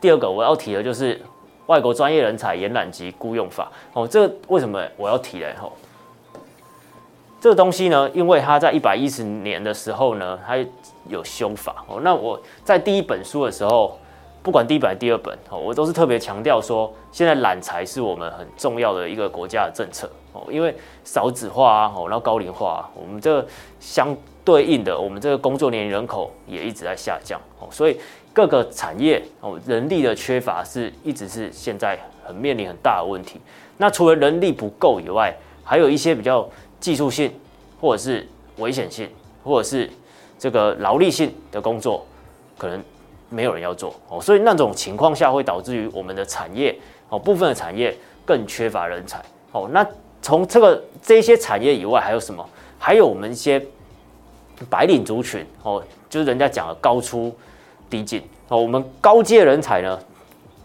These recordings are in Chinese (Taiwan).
第二個我要提的就是外國專業人才延攬及雇用法哦，這個、為什麼我要提呢？哦，這個東西呢，因為它在一百一十年的時候呢，它有修法哦。那我在第一本書的時候，不管第一本、第二本哦，我都是特別強調說，現在攬才是我們很重要的一個國家的政策。哦，因為少子化啊，哦，然後高齡化啊，我們這個相對應的，我們這個工作年齡人口也一直在下降，哦，所以各個產業哦，人力的缺乏是一直是現在很面臨很大的問題。那除了人力不夠以外，還有一些比較技術性，或者是危險性，或者是這個勞力性的工作，可能沒有人要做哦，所以那種情況下會導致於我們的產業哦，部分的產業更缺乏人才哦，那。從這個這些產業以外，還有什麼？還有我們一些白領族群哦，就是人家講的高出低進哦。我們高階人才呢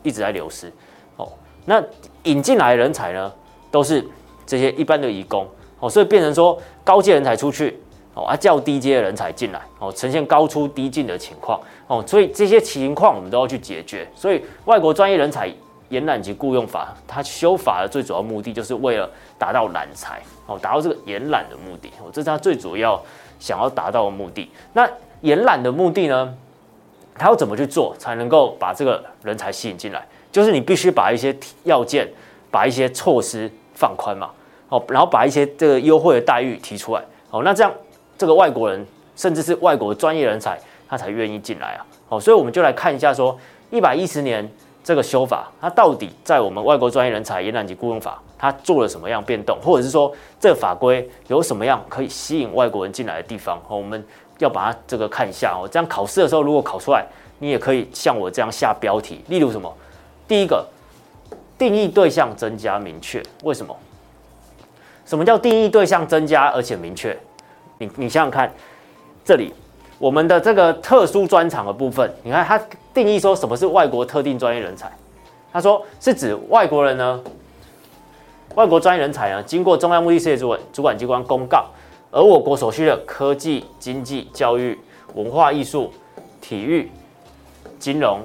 一直在流失哦，那引進來的人才呢都是這些一般的移工哦，所以變成說高階人才出去哦，啊，較低階的人才進來哦，呈現高出低進的情況哦，所以這些情況我們都要去解決。所以外國專業人才。延攬及僱用法，它修法的最主要目的就是為了達到攬才哦，達到這個延攬的目的，哦，這是它最主要想要達到的目的。那延攬的目的呢？它要怎麼去做才能夠把這個人才吸引進來？就是你必須把一些要件、把一些措施放寬嘛，哦，然後把一些這個優惠的待遇提出來，哦，那這樣這個外國人，甚至是外國的專業人才，他才願意進來啊，哦，所以我們就來看一下說，說一百一十年，這個修法，它到底在我們外國專業人才延攬及雇用法，它做了什麼樣變動，或者是說這個法規有什麼樣可以吸引外國人進來的地方？哦，我們要把它這個看一下哦。這樣考試的時候，如果考出來，你也可以像我這樣下標題，例如什麼？第一個，定義對象增加明確，為什麼？什麼叫定義對象增加而且明確？你你想想看，這裡。我們的這個特殊專場的部分，你看它定義說什麼是外國特定專業人才？他說是指外國人呢，外國專業人才呢，經過中央目的事業主管主管機關公告，而我國所需的科技、經濟、教育、文化藝術、體育、金融、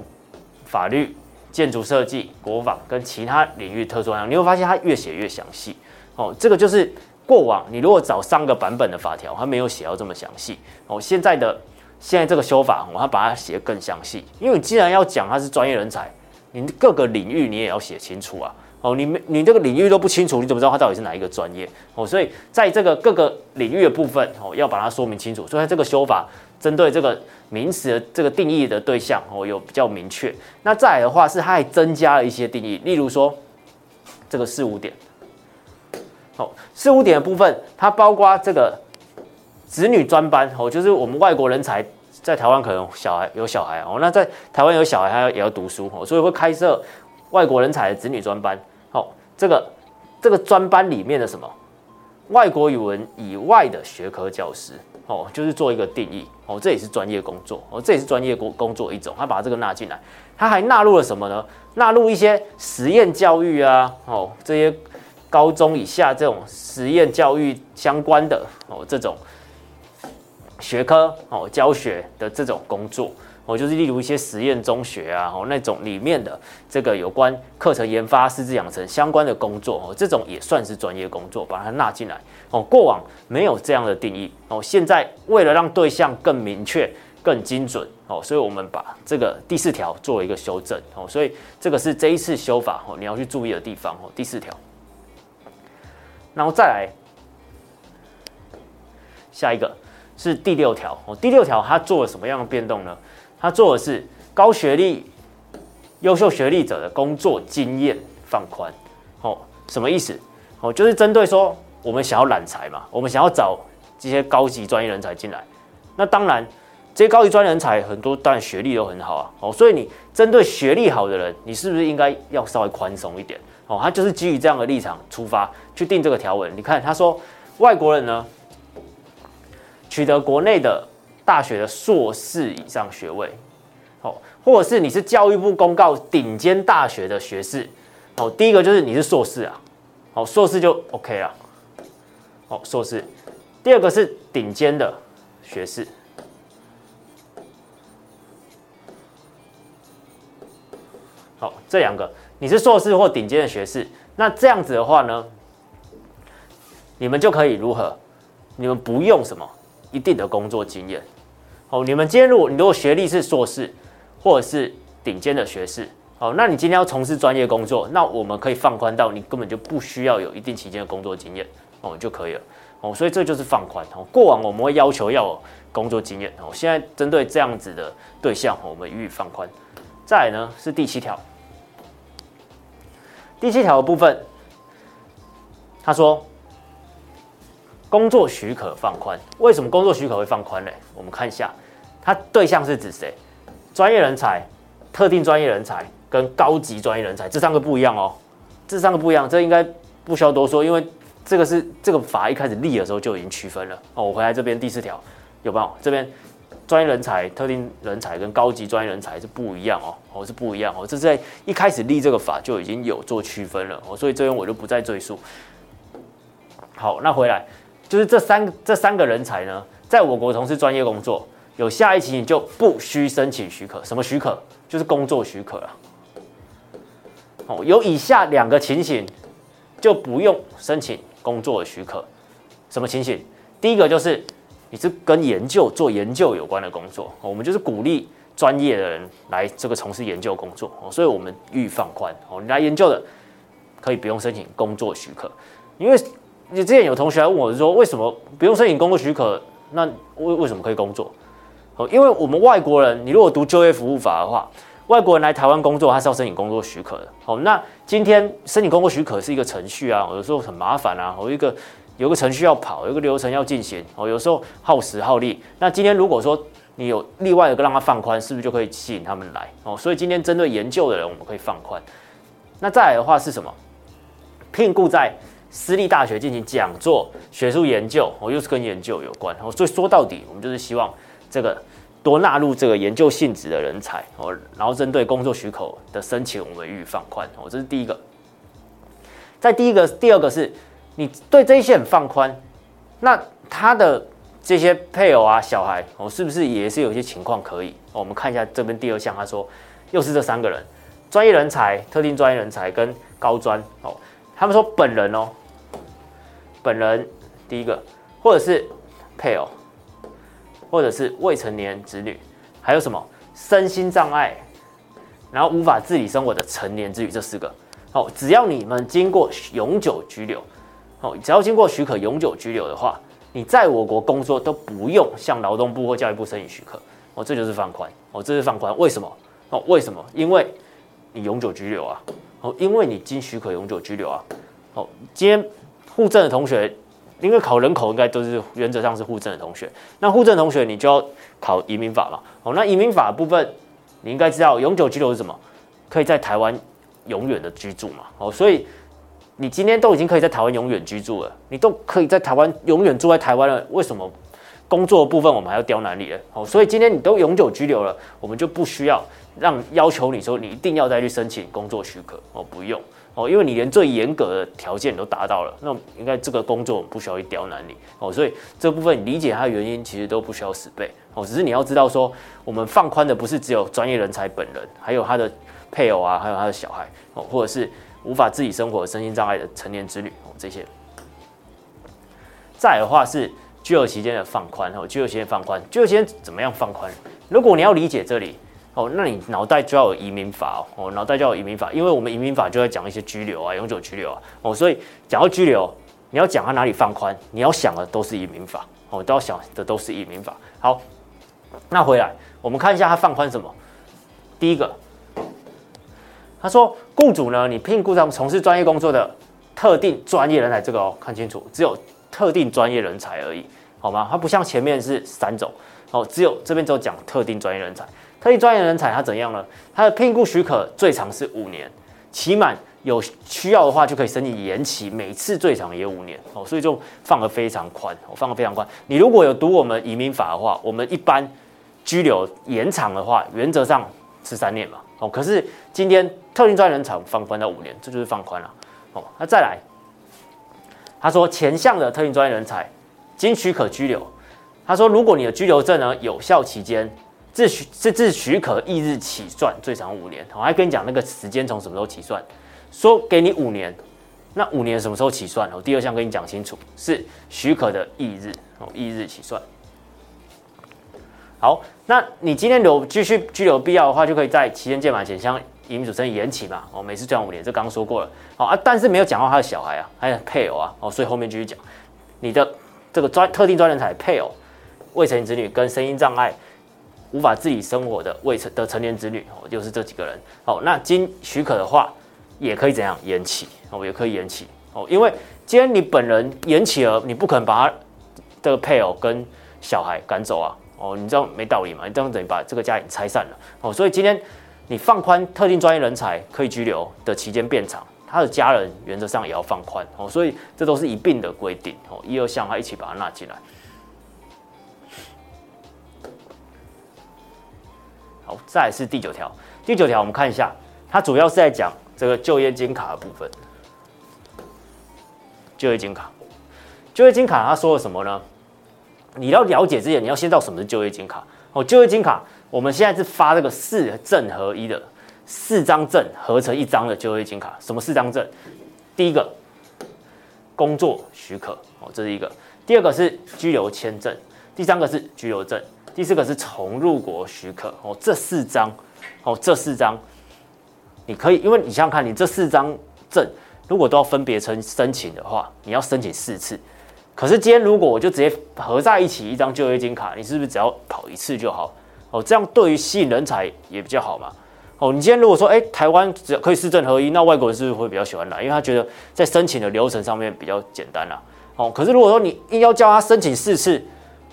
法律、建築設計、國防跟其他領域特殊專業，你會發現它越寫越詳細。哦，這個就是。過往你如果找三個版本的法條，它沒有寫到這麼詳細哦。現在的現在這個修法，哦，它把它寫得更詳細。因為你既然要講它是專業人才，你各個領域你也要寫清楚啊。哦，你沒你這個領域都不清楚，你怎麼知道它到底是哪一個專業？哦，所以在這個各個領域的部分，哦，要把它說明清楚。所以這個修法針對這個名詞的這個定義的對象，哦，有比較明確。那再來的話是，它還增加了一些定義，例如說這個四五點。哦，四五點的部分，它包括這個子女專班哦，就是我們外國人才在台灣可能小孩有小孩哦，那在台灣有小孩他也要讀書哦，所以會開設外國人才的子女專班。哦，這個這個專班裡面的什麼外國語文以外的學科教師哦，就是做一個定義哦，這也是專業工作哦，這也是專業工工作一種，他把這個納進來，他還納入了什麼呢？納入一些實驗教育啊，哦這些。高中以下這種實驗教育相關的哦，這種學科哦教學的這種工作哦，就是例如一些實驗中學啊哦，那種裡面的這個有關課程研發、師資養成相關的工作哦，這種也算是專業工作，把它納進來哦。過往沒有這樣的定義哦，現在為了讓對象更明確、更精準哦，所以我們把這個第四條做一個修正哦，所以這個是這一次修法哦，你要去注意的地方哦，第四條。然後再來，下一個是第六條哦。第六條它做了什麼樣的變動呢？它做的是高學歷、優秀學歷者的工作經驗放寬哦。什麼意思？哦，就是針對說我們想要攬才嘛，我們想要找這些高級專業人才進來。那當然，這些高級專業人才很多，當然學歷都很好啊。哦，所以你針對學歷好的人，你是不是應該要稍微寬鬆一點？哦，他就是基於這樣的立場出發去定這個條文。你看，他說外國人呢取得國內的大學的碩士以上學位，哦，或者是你是教育部公告頂尖大學的學士，哦，第一個就是你是碩士啊，哦，碩士就 OK 了，哦，碩士，第二個是頂尖的學士，好、哦，這兩個。你是碩士或頂尖的學士，那這樣子的話呢，你們就可以如何？你們不用什麼一定的工作經驗，哦，你們今天如果你如果學歷是碩士或者是頂尖的學士，哦，那你今天要從事專業工作，那我們可以放寬到你根本就不需要有一定期間的工作經驗，哦，就可以了，哦，所以這就是放寬。哦，過往我們會要求要有工作經驗，哦，現在針對這樣子的對象，我們予以放寬。再來呢是第七條。第七條的部分，他說工作許可放寬，為什麼工作許可會放寬呢？我們看一下，它對象是指誰？專業人才、特定專業人才跟高級專業人才，這三個不一樣哦，這三個不一樣，這應該不需要多說，因為這個是這個法一開始立的時候就已經區分了。哦，我回來這邊第四條有沒有？這邊。專業人才、特定人才跟高級專業人才是不一樣哦，哦是不一樣哦，這在一開始立這個法就已經有做區分了哦，所以這邊我就不再贅述。好，那回來就是這三這三個人才呢，在我國從事專業工作，有下列情形你就不需申請許可，什麼許可？就是工作許可了。哦，有以下兩個情形就不用申請工作許可，什麼情形？第一個就是。你是跟研究做研究有關的工作，我們就是鼓勵專業的人來這個從事研究工作，所以我們欲放寬哦，你來研究的可以不用申請工作許可，因為你之前有同學來問我說，為什麼不用申請工作許可？那為為什麼可以工作？哦，因為我們外國人，你如果讀就業服務法的話，外國人來台灣工作他是要申請工作許可的。好，那今天申請工作許可是一個程序啊，有時候很麻煩啊，我一個。有個程序要跑，有個流程要進行哦，有時候耗時耗力。那今天如果說你有例外的，讓他放寬，是不是就可以吸引他們來哦？所以今天針對研究的人，我們可以放寬。那再來的話是什麼？聘雇在私立大學進行講座、學術研究，我又是跟研究有關。哦，所以說到底，我們就是希望這個多納入這個研究性質的人才哦。然後針對工作許可的申請，我們予以放寬哦。這是第一個。再第一個，第二個是。你對這一些很放寬，那他的這些配偶啊、小孩，哦，是不是也是有一些情況可以、哦？我們看一下這邊第二項，他說又是這三個人，專業人才、特定專業人才跟高專哦。他們說本人哦，本人第一個，或者是配偶，或者是未成年子女，還有什麼身心障礙，然後無法自理生活的成年子女，這四個哦，只要你們經過永久居留。哦，只要經過許可永久居留的話，你在我國工作都不用向勞動部或教育部申請許可。哦，這就是放寬。哦，這是放寬。為什麼？哦，為什麼？因為你永久居留啊。哦，因為你經許可永久居留啊。哦，今天戶政的同學，因為考人口應該都是原則上是戶政的同學。那戶政同學，你就要考移民法嘛。哦，那移民法的部分，你應該知道永久居留是什麼，可以在台灣永遠的居住嘛。哦，所以。你今天都已經可以在台灣永遠居住了，你都可以在台灣永遠住在台灣了，為什麼工作的部分我們還要刁難你了？哦，所以今天你都永久居留了，我們就不需要讓要求你說你一定要再去申請工作許可哦，不用哦，因為你連最嚴格的條件你都達到了，那應該這個工作我們不需要去刁難你哦，所以這部分你理解它的原因其實都不需要死背哦，只是你要知道說我們放寬的不是只有專業人才本人，還有他的配偶啊，還有他的小孩哦，或者是。無法自己生活、身心障礙的成年子女。這些。再來的話是居留期間的放寬哦，居留期間放寬，居留期間怎麼樣放寬？如果你要理解這裡哦，那你腦袋就要有移民法哦，腦袋就要有移民法，因為我們移民法就在講一些居留啊、永久居留啊哦，所以講到居留，你要講它哪裡放寬，你要想的都是移民法哦，都要想的都是移民法。好，那回來我們看一下它放寬什麼。第一個。他說，僱主呢，你聘僱上從事專業工作的特定專業人才，這個哦，看清楚，只有特定專業人才而已，好嗎？它不像前面是三種，哦，只有這邊只有講特定專業人才，特定專業人才他怎樣呢？他的聘僱許可最長是五年，期滿有需要的話就可以申請延期，每次最長也五年，哦，所以就放得非常寬，我、哦、放得非常寬。你如果有讀我們移民法的話，我們一般居留延長的話，原則上是三年嘛。哦，可是今天特定專業人才放寬到五年，這就是放寬了、啊。哦，那、啊、再來，他說前項的特定專業人才經許可居留，他說如果你的居留證呢，有效期間自許自自許可翌日起算，最長五年。我、哦、還跟你講那個時間從什麼時候起算？說給你五年，那五年什麼時候起算？我、哦、第二項跟你講清楚，是許可的翌日哦，翌日起算。好，那你今天有繼續居留必要的話，就可以在期間屆滿前，向移民署申請延期嘛。哦，每次最長五年，這剛說過了。好、哦、啊，但是沒有講到他的小孩啊，還有配偶啊。哦，所以後面繼續講，你的這個專特定專人才的配偶、未成年子女跟身心障礙無法自己生活的未成的成年子女，哦，就是這幾個人。哦，那經許可的話，也可以怎樣延期，哦，也可以延期。哦，因為既然你本人延期了，你不可能把他的這個配偶跟小孩趕走啊。哦，你這樣沒道理嘛？你這樣等於把這個家已經拆散了，哦。所以今天你放寬特定專業人才可以居留的期間變長，他的家人原則上也要放寬哦。所以這都是一併的規定哦，一二項他一起把它納進來。好，再來是第九條。第九條我們看一下，它主要是在講這個就業金卡的部分。就業金卡，就業金卡它說了什麼呢？你要了解這些，你要先知道什麼是就業金卡哦。就業金卡，我們現在是發這個四證合一的，四張證合成一張的就業金卡。什麼四張證？第一個工作許可哦，這是一個；第二個是居留簽證；第三個是居留證；第四個是重入國許可哦。這四張哦，這四張你可以，因為你想想看你這四張證，如果都要分別申申請的話，你要申請四次。可是今天如果我就直接合在一起一張就業金卡，你是不是只要跑一次就好？哦，這樣對於吸引人才也比較好嘛？哦，你今天如果說，誒、欸，台灣只要可以四證合一，那外國人是不是會比較喜歡來？因為他覺得在申請的流程上面比較簡單啦、啊。哦，可是如果說你硬要叫他申請四次，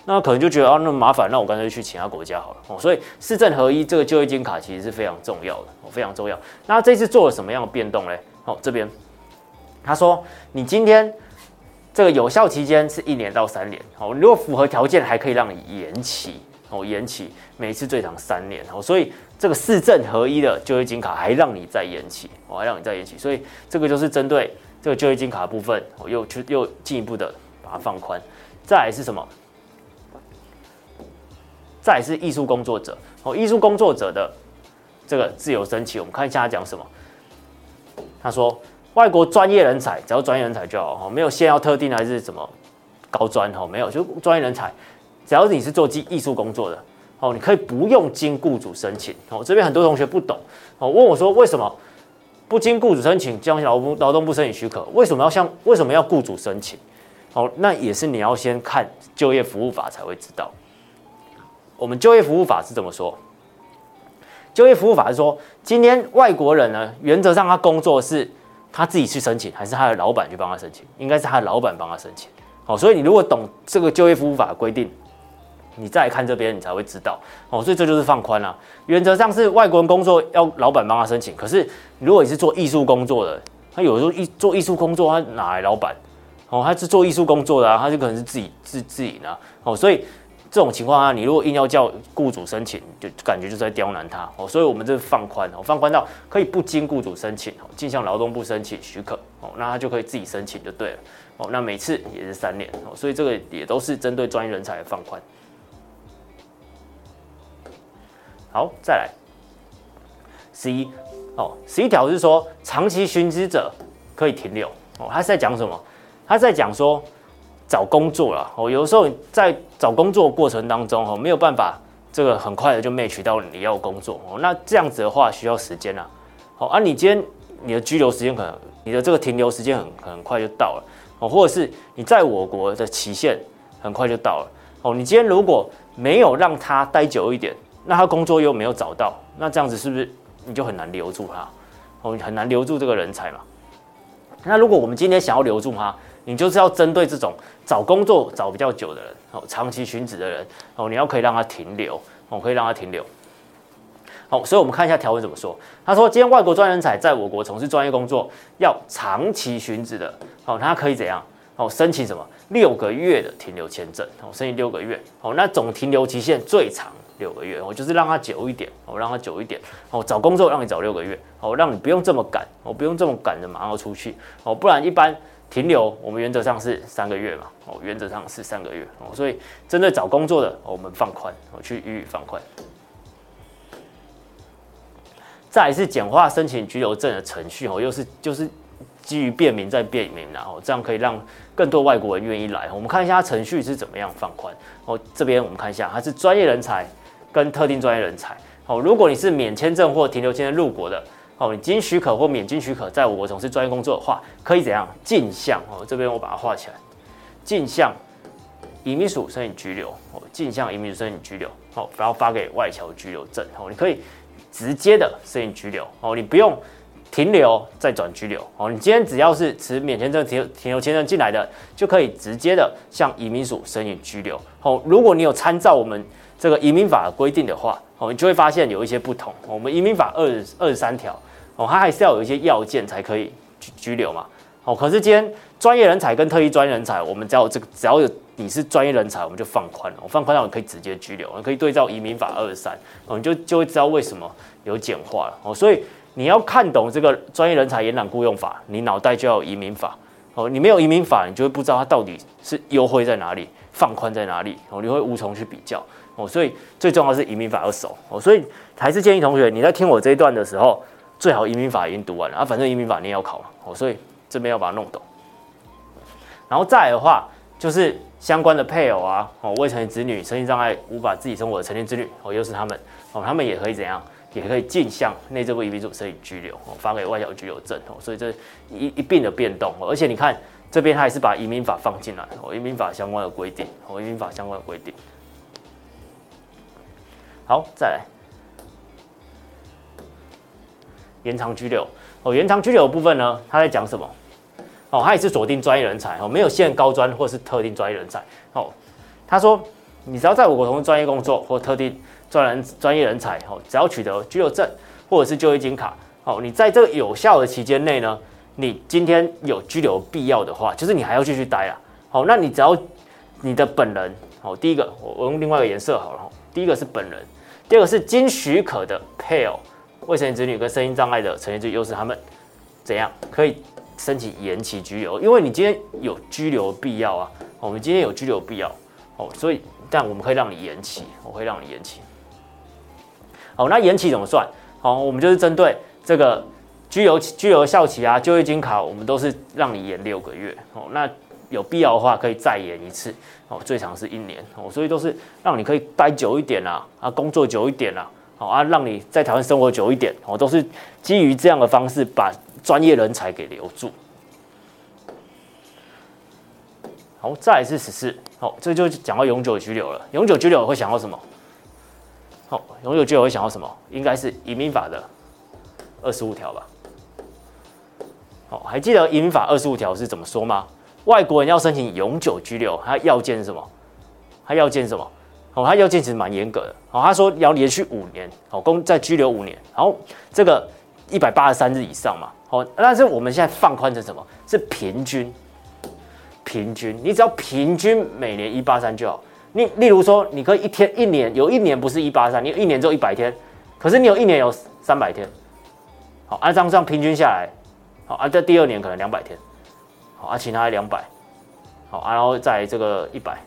那可能就覺得啊那麼麻煩，那我乾脆去其他國家好了。哦，所以四證合一這個就業金卡其實是非常重要的哦，非常重要。那他這次做了什麼樣的變動呢？哦，這邊他說你今天。這個有效期間是一年到三年，好，哦，如果符合條件還可以讓你延期，哦，延期每一次最長三年，哦，所以這個四證合一的就業金卡還讓你再延期，哦，還讓你再延期，所以這個就是針對這個就業金卡的部分，哦，又去又進一步的把它放寬。再來是什麼？再來是藝術工作者，哦，藝術工作者的這個自由申請，我們看一下他講什麼，他說，外國專業人才，只要專業人才就好哦，沒有限要特定還是什麼高專哦，沒有，就專業人才，只要你是做技藝術工作的哦，你可以不用經僱主申請哦。這邊很多同學不懂哦，問我說為什麼不經僱主申請，將勞勞動部申請許可，為什麼要向為什麼要僱主申請？哦，那也是你要先看就業服務法才會知道。我們就業服務法是怎麼說？就業服務法是說，今天外國人呢，原則上他工作是。他自己去申請，還是他的老闆去幫他申請？應該是他的老闆幫他申請。好，所以你如果懂這個就業服務法規定，你再看這邊，你才會知道。哦，所以這就是放寬了，啊。原則上是外國人工作要老闆幫他申請，可是如果你是做藝術工作的，他有時候藝做藝術工作，他哪來老闆？哦，他是做藝術工作的，啊，他就可能是自己自自己呢。哦，所以。這種情況下啊，你如果硬要叫雇主申請，就感覺就是在刁難他哦。所以我們這放寬，哦，放寬到可以不經雇主申請哦，逕向勞動部申請許可哦，那他就可以自己申請就對了哦。那每次也是三年哦，所以這個也都是針對專業人才的放寬。好，再來十一哦，十一條是說長期尋職者可以停留哦。他在講什麼？他在講說。找工作了，哦，有時候你在找工作過程當中，哦，沒有辦法，這個很快的就 match 到你要工作，哦，那這樣子的話需要時間了、啊，好、哦，啊，你今天你的居留時間可能，你的這個停留時間很很快就到了，哦，或者是你在我國的期限很快就到了，哦，你今天如果沒有讓他待久一點，那他工作又沒有找到，那這樣子是不是你就很難留住他、啊，哦，很難留住這個人才嘛？那如果我們今天想要留住他，你就是要針對這種找工作找比較久的人哦，長期尋職的人哦，你要可以讓他停留哦，可以讓他停留。好，所以我們看一下條文怎麼說。他說，今天外國專業人才在我國從事專業工作，要長期尋職的哦，他可以怎樣哦？申請什麼？六個月的停留簽證哦，申請六個月哦。那總停留期限最長六個月哦，就是讓他久一點哦，讓他久一點哦。找工作讓你找六個月哦，讓你不用這麼趕哦，不用這麼趕着馬上要出去哦，不然一般。停留，我們原則上是三個月嘛，哦，原則上是三個月哦，所以針對找工作的，我們放寬，我去予以放寬。再來是簡化申請居留證的程序哦，又是就是基於便民再便民，然後這樣可以讓更多外國人願意來。我們看一下程序是怎麼樣放寬哦，這邊我們看一下，它是專業人才跟特定專業人才哦，如果你是免簽證或停留簽證入國的。哦，你經許可或免經許可，在我國從事專業工作的話，可以怎樣？逕向哦，這邊我把它畫起來，逕向移民署申請居留哦，逕向移民署申請居留哦，不要發給外僑居留證哦，你可以直接的申請居留哦，你不用。停留再轉居留哦，你今天只要是持免簽證、停停留簽證進來的，就可以直接的向移民署申請居留、哦、如果你有參照我們這個移民法的規定的話、哦、你就會發現有一些不同。哦、我們移民法二二十三條哦，它還是要有一些要件才可以去居留嘛哦。可是今天專業人才跟特異專業人才，我們只要這個，只要有你是專業人才，我們就放寬了，我、哦、放寬到你可以直接居留，我可以對照移民法二十三，我們就就會知道為什麼有簡化了哦，所以。你要看懂這個專業人才延攬雇用法，你腦袋就要移民法哦。你沒有移民法，你就會不知道它到底是優惠在哪裡，放寬在哪裡哦，你會無從去比較哦。所以最重要的是移民法要熟哦。所以還是建議同學你在聽我這一段的時候，最好移民法已經讀完了啊，反正移民法你也要考了哦，所以這邊要把它弄懂。然後再來的話，就是相關的配偶啊哦，未成年子女、身心障礙無法自己生活的成年子女哦，又是他們哦，他們也可以怎樣？也可以逕向內政部移民署申請居留哦，發給外僑居留證哦，所以這一一併的變動哦。而且你看這邊他也是把移民法放進來哦，移民法相關的規定，移民法相關的規定。好，再來，延長居留哦，延長居留的部分呢，他在講什麼？哦，他也是鎖定專業人才哦，沒有限高專或是特定專業人才哦。他說，你只要在我國從事專業工作或特定。專人專業人才哦，只要取得居留證或者是就業金卡哦，你在這個有效的期間內呢，你今天有居留必要的話，就是你還要繼續待啊。好、哦，那你只要你的本人哦，第一個我我用另外一個顏色好了哦，第一個是本人，第二個是經許可的配偶、未成年子女跟身心障礙的成年子女，又是他們怎樣可以申請延期居留？因為你今天有居留必要啊，我、哦、們今天有居留必要哦，所以但我們可以讓你延期，我可以讓你延期。哦，那延期怎麼算？哦，我們就是針對這個居留居留效期啊、就業金卡，我們都是讓你延六個月。哦，那有必要的話可以再延一次。哦，最長是一年。哦，所以都是讓你可以待久一點啦、啊，啊，工作久一點啦、啊，好、哦、啊，讓你在台灣生活久一點。哦，都是基於這樣的方式把專業人才給留住。好、哦，再來是十四。好、哦，這就講到永久居留了。永久居留會想到什麼？好、哦，永久居留會想到什麼？應該是移民法的二十五條吧。好、哦，還記得移民法二十五條是怎麼說嗎？外國人要申請永久居留，他要件是什麼？他要件什麼？哦，他要件其實蠻嚴格的。好、哦，他說要連續五年，好、哦，共，在居留五年。好，這個一百八十三日以上嘛。好、哦，但是我們現在放寬成什麼？是平均，平均，你只要平均每年一八三就好。例例如說，你可以一天一年有一年不是一八三，你有一年只有一百天，可是你有一年有三百天，好，按、啊、上這樣平均下來，好，按、啊、這第二年可能兩百天，好，而、啊、其他兩百，啊、100, 好，然後在這個一百，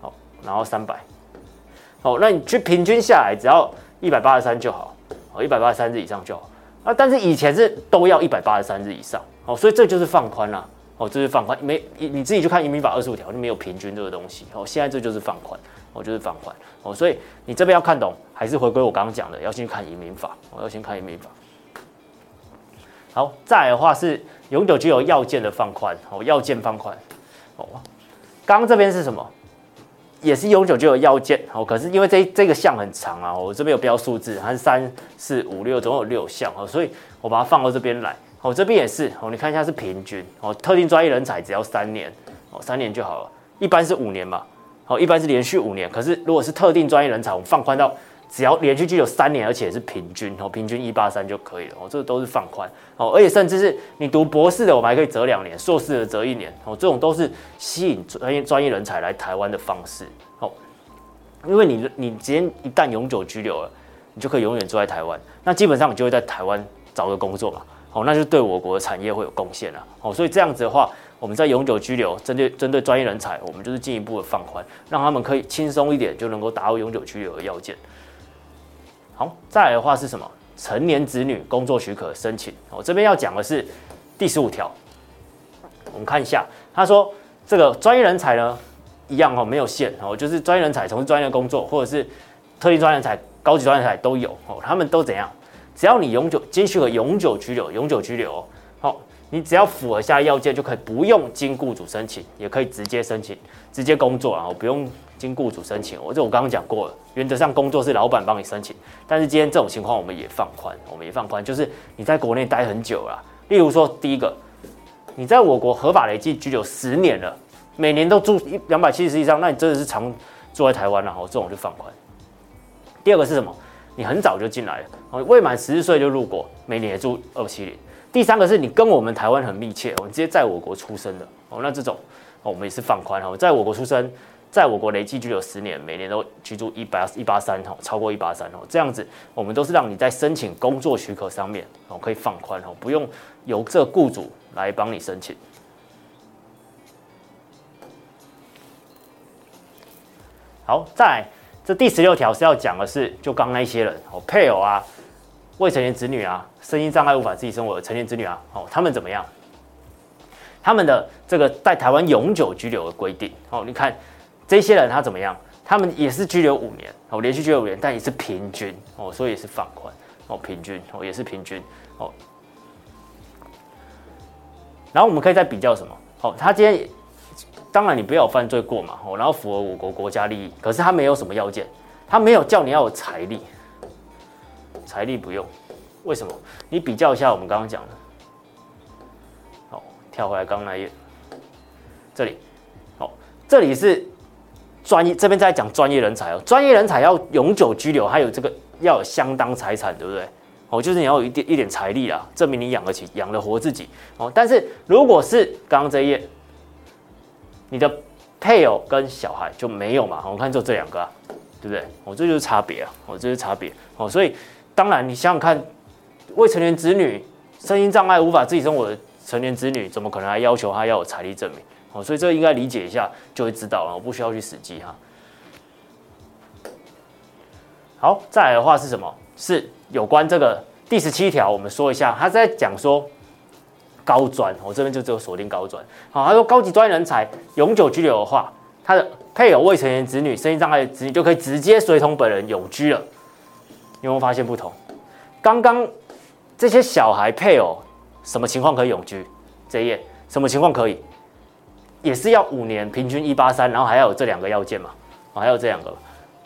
好，然後三百，好，那你去平均下來只要一百八十三就好，好，一百八十三日以上就好，啊，但是以前是都要一百八十三日以上，哦，所以這就是放寬了、啊。哦，這是放寬，沒你你自己去看移民法二十五條，就沒有平均這個東西。哦，現在這就是放寬，哦，就是放寬。哦，所以你這邊要看懂，還是回歸我剛剛講的，要先去看移民法，我、哦、要先看移民法。好，再來的話是永久居留要件的放寬，哦，要件放寬。哦，剛剛這邊是什麼？也是永久居留要件。哦，可是因為這這個項很長啊，我、哦、這邊有標數字，它是三四五六，總有六項啊，所以我把它放到這邊來。哦，這邊也是哦，你看一下是平均哦，特定專業人才只要三年哦，三年就好了，一般是五年嘛，哦，一般是連續五年，可是如果是特定專業人才，我們放寬到只要連續居留三年，而且是平均哦，平均一八三就可以了哦，這個都是放寬哦，而且甚至是你讀博士的，我們還可以折兩年，碩士的折一年哦，這種都是吸引專業專業人才來台灣的方式哦，因為你你今天一旦永久居留了，你就可以永遠住在台灣，那基本上你就會在台灣找個工作嘛。哦，那就對我國的產業會有貢獻了、啊。哦，所以這樣子的話，我們在永久居留針對針對專業人才，我們就是進一步的放寬，讓他們可以輕鬆一點就能夠達到永久居留的要件。好、哦，再來的話是什麼？成年子女工作許可申請。我、哦、這邊要講的是第十五條。我們看一下，他說這個專業人才呢，一樣哦，沒有限哦，就是專業人才從事專業的工作，或者是特定專業人才、高級專業人才都有哦，他們都怎樣？只要你永久、經許可永久居留、永久居留、哦，好、哦，你只要符合一下要件就可以，不用經雇主申請，也可以直接申請，直接工作啊，我不用經雇主申請。我、哦、就我剛剛講過了，原則上工作是老板幫你申請，但是今天這種情況我們也放寬，我們也放寬，就是你在國內待很久了啦，例如說第一個，你在我國合法累計居留十年了，每年都住一兩百七十以上，那你真的是常住在台灣然、啊、後、哦、這種就放寬。第二個是什麼？你很早就進來了哦，未滿十四歲就入國，每年也住二七零。第三個是你跟我們台灣很密切，我們直接在我國出生的哦，那這種哦，我們也是放寬哦，在我國出生，在我國累計居留十年，每年都居住一八一八三哦，超過一八三哦，這樣子我們都是讓你在申請工作許可上面哦，可以放寬哦，不用由這雇主來幫你申請。好，再來。這第十六條是要講的是，就剛，剛那些人哦，配偶啊，未成年子女啊，身心障礙無法自己生活的成年子女啊，哦，他們怎麼樣？他們的這個在台灣永久居留的規定哦，你看這些人他怎麼樣？他們也是居留五年哦，連續居留五年，但也是平均哦，所以也是放寬哦，平均哦，也是平均哦。然後我們可以再比較什麼？哦，他今天。當然，你不要犯罪過嘛，然後符合我國國家利益。可是他沒有什麼要件，他沒有叫你要有財力，財力不用。為什麼？你比較一下我們剛剛講的，好，跳回來剛剛那一頁，這裡，哦，這裡是專業，這邊在講專業人才哦。專業人才要永久居留，還有這個要有相當財產，對不對？哦，就是你要有一點一點財力啊，證明你養得起、養得活自己。哦，但是如果是剛剛這一頁。你的配偶跟小孩就沒有嘛？我看就這兩個啊，對不對？我這就是差別啊！我這就是差別哦，所以當然你想想看，未成年子女、身心障礙無法自己生活的成年子女，怎麼可能還要求他要有財力證明？哦，所以這個應該理解一下就會知道了，我不需要去死記哈啊。好，再來的話是什麼？是有關這個第十七條，我們說一下，他在講說。高專，我這邊就只有鎖定高專。好，他說高級專業人才永久居留的話，他的配偶、未成年子女、身心障礙子女就可以直接隨同本人永居了。有沒有發現不同？剛剛這些小孩配偶什麼情況可以永居？這一頁什麼情況可以？也是要五年，平均一八三，然後還要有這兩個要件嘛。哦，還有這兩個。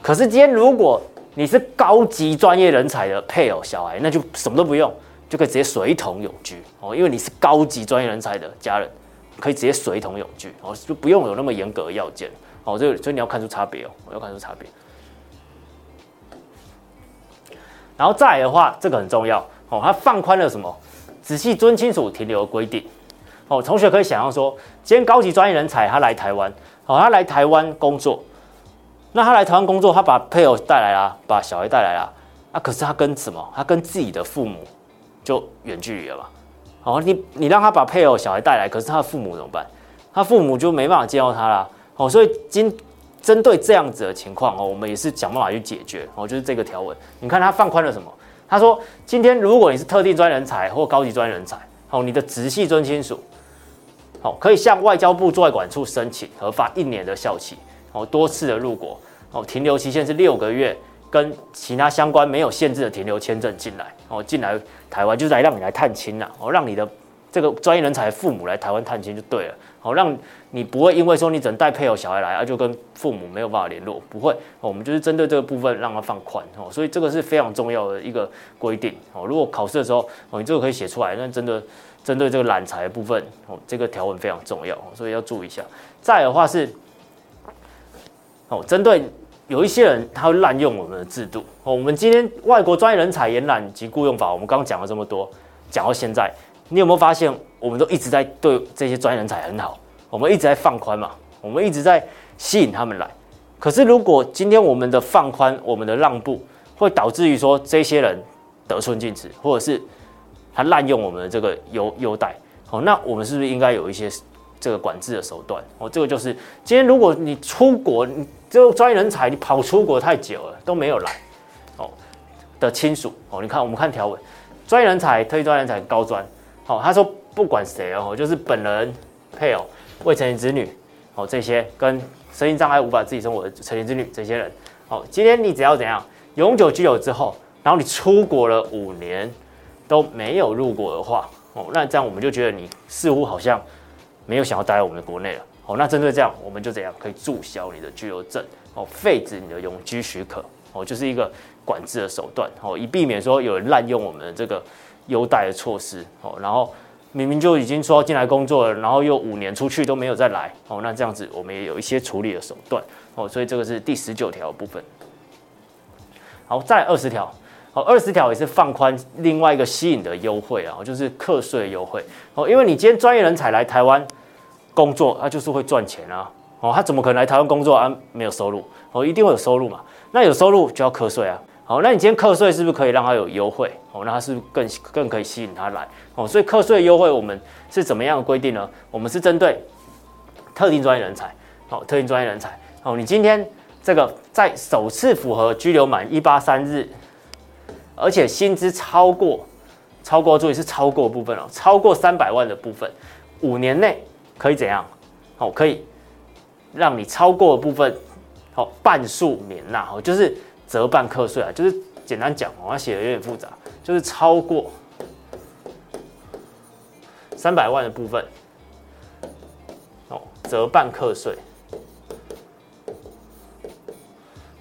可是今天如果你是高級專業人才的配偶小孩，那就什麼都不用。就可以直接隨同永居哦，因為你是高級專業人才的家人，可以直接隨同永居哦，就不用有那麼嚴格的要件哦。就所以你要看出差別哦，我要看出差別。然後再來的話，這個很重要哦，他放寬了什麼？仔細遵清楚停留的規定哦。同學可以想象說，今天高級專業人才他來台灣，哦，他來台灣工作，那他來台灣工作，他把配偶帶來了，把小孩帶來了，啊，可是他跟什麼？他跟自己的父母。就遠距離了吧？好，你你讓他把配偶小孩帶來，可是他的父母怎麼辦？他父母就沒辦法見到他了。好，所以針針對這樣子的情況哦，我們也是想辦法去解決。哦，就是這個條文，你看他放寬了什麼？他說今天如果你是特定專業人才或高級專業人才，哦，你的直系尊親屬，哦，可以向外交部駐外館處申請核發一年的效期，哦，多次的入國，哦，停留期限是六個月。跟其他相關沒有限制的停留簽證進來哦，進來台灣，就是來讓你來探親啦、啊、哦，讓你的這個專業人才的父母來台灣探親就對了，好、哦、讓你不會因為說你只能帶配偶小孩來啊，就跟父母沒有辦法聯絡，不會，哦、我們就是針對這個部分讓他放寬哦，所以這個是非常重要的一個規定哦。如果考試的時候哦，你這個可以寫出來，但針對針對這個攬才部分哦，這個條文非常重要哦，所以要注意一下。再來的話是哦，針對。有一些人他會濫用我們的制度。我們今天外國專業人才延攬及雇用法，我們剛剛講了這麼多，講到現在，你有沒有發現我們都一直在對這些專業人才很好？我們一直在放寬嘛，我們一直在吸引他們來。可是如果今天我們的放寬、我們的讓步，會導致於說這些人得寸進尺，或者是他濫用我們的這個優優待，哦，那我們是不是應該有一些這個管制的手段？哦，這個就是今天如果你出國，就專業人才，你跑出國太久了都沒有來，哦的親屬哦，你看我們看條文，專業人才，特定專業人才高，高專，好，他說不管誰哦，就是本人、配偶、未成年子女，哦，這些跟身心障礙無法自己生活的成年子女這些人，哦，今天你只要怎樣，永久居留之後，然後你出國了五年都沒有入國的話，哦，那這樣我們就覺得你似乎好像沒有想要待在我們的國內了。哦，那針對這樣，我們就怎樣可以注銷你的居留證哦，廢止你的永居許可哦，就是一個管制的手段哦，以避免說有人濫用我們的這個優待的措施哦。然後明明就已經說要進來工作了，然後又五年出去都沒有再來哦，那這樣子我們也有一些處理的手段哦。所以這個是第十九條的部分。好，再二十條，好，二十條也是放寬另外一個吸引的優惠啊，就是課稅優惠哦，因為你今天專業人才來台灣，工作，他就是會賺錢啊！哦，他怎麼可能來台灣工作啊？沒有收入哦，一定會有收入嘛。那有收入就要課稅啊！好、哦，那你今天課稅是不是可以讓他有優惠？哦，那他是不是更更可以吸引他來哦。所以課稅優惠我們是怎麼樣的規定呢？我們是針對特定專業人才，好、哦，特定專業人才，哦，你今天這個在首次符合居留滿一八三日，而且薪資超過超過注意是超過部分哦，超過三百萬的部分，五年內。可以怎樣？哦，可以讓你超過的部分，哦，半數免納，哦，就是折半課稅啊。就是簡單講，哦，它寫的有點複雜，就是超過三百萬的部分，哦，折半課稅。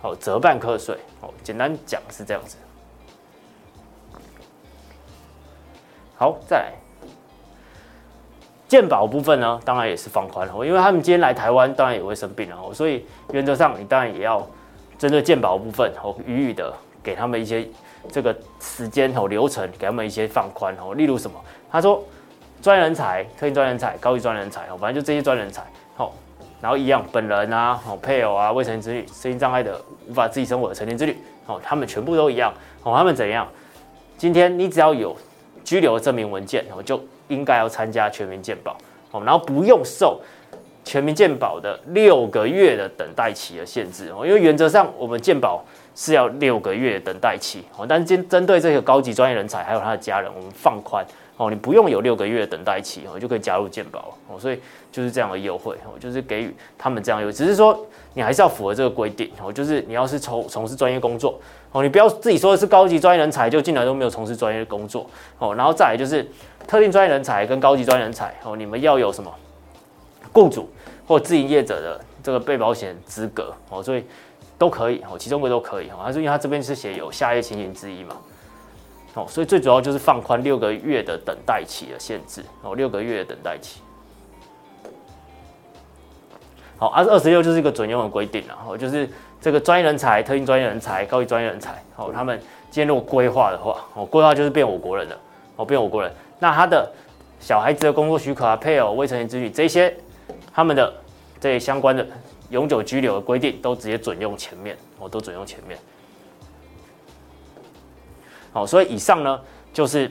好，折半課稅。哦，簡單講是這樣子。好，再來。健保部分呢，當然也是放寬了，因為他們今天來台灣，當然也會生病了，所以原則上你當然也要針對健保部分哦，予以的給他們一些這個時間和流程，給他們一些放寬哦。例如什麼，他說專人才，特定專人才，高級專人才，反正就這些專人才哦，然後一樣本人啊哦配偶啊、未成年子女、身心障礙的無法自己生活的成年子女哦，他們全部都一樣哦，他們怎樣？今天你只要有。居留證明文件，哦，就應該要參加全民健保，哦，然後不用受全民健保的六個月的等待期的限制，哦，因為原則上我們健保是要六個月等待期，哦，但是針針對這個高級專業人才還有他的家人，我們放寬。哦，你不用有六個月的等待期哦，就可以加入健保哦，所以就是這樣的優惠，我就是給予他們這樣優惠，只是說你還是要符合這個規定哦，就是你要是從從事專業工作哦，你不要自己說的是高級專業人才就進來都沒有從事專業工作哦，然後再來就是特定專業人才跟高級專業人才哦，你們要有什麼僱主或自營業者的這個被保險資格哦，所以都可以哦，其中一個都可以哈，他說因為他這邊是寫有下列情形之一嘛。哦，所以最主要就是放寬六個月的等待期的限制哦，六個月的等待期。好，二二十六就是一個準用的規定，了、哦、後就是這個專業人才、特定專業人才、高級專業人才，哦，他們進入歸化的話，哦，歸化就是變我國人的，哦，變我國人。那他的小孩子的工作許可啊、 配偶、未成年子女這些，他們的這相關的永久居留的規定，都直接準用前面，哦，都準用前面。好，所以以上呢，就是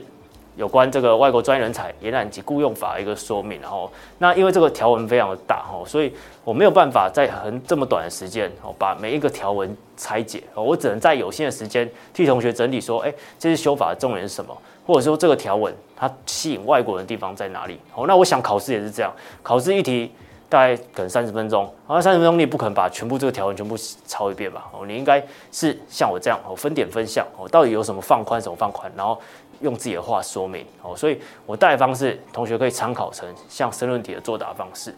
有關這個外國專業人才延攬及雇用法的一個說明。然後，那因為這個條文非常的大，吼，所以我沒有辦法在很這麼短的時間，吼，把每一個條文拆解。我只能在有限的時間替同學整理說，哎，這是修法的重點是什麼？或者說這個條文它吸引外國人的地方在哪裡？好，那我想考試也是這樣，考試一題，大概可能三十分鐘，啊，三十分鐘你不可能把全部這個條文全部抄一遍吧？哦，你應該是像我這樣，哦，分點分項，哦，到底有什麼放寬，什麼放寬，然後用自己的話說明。哦，所以我帶的方式，同學可以參考成像申論題的作答方式。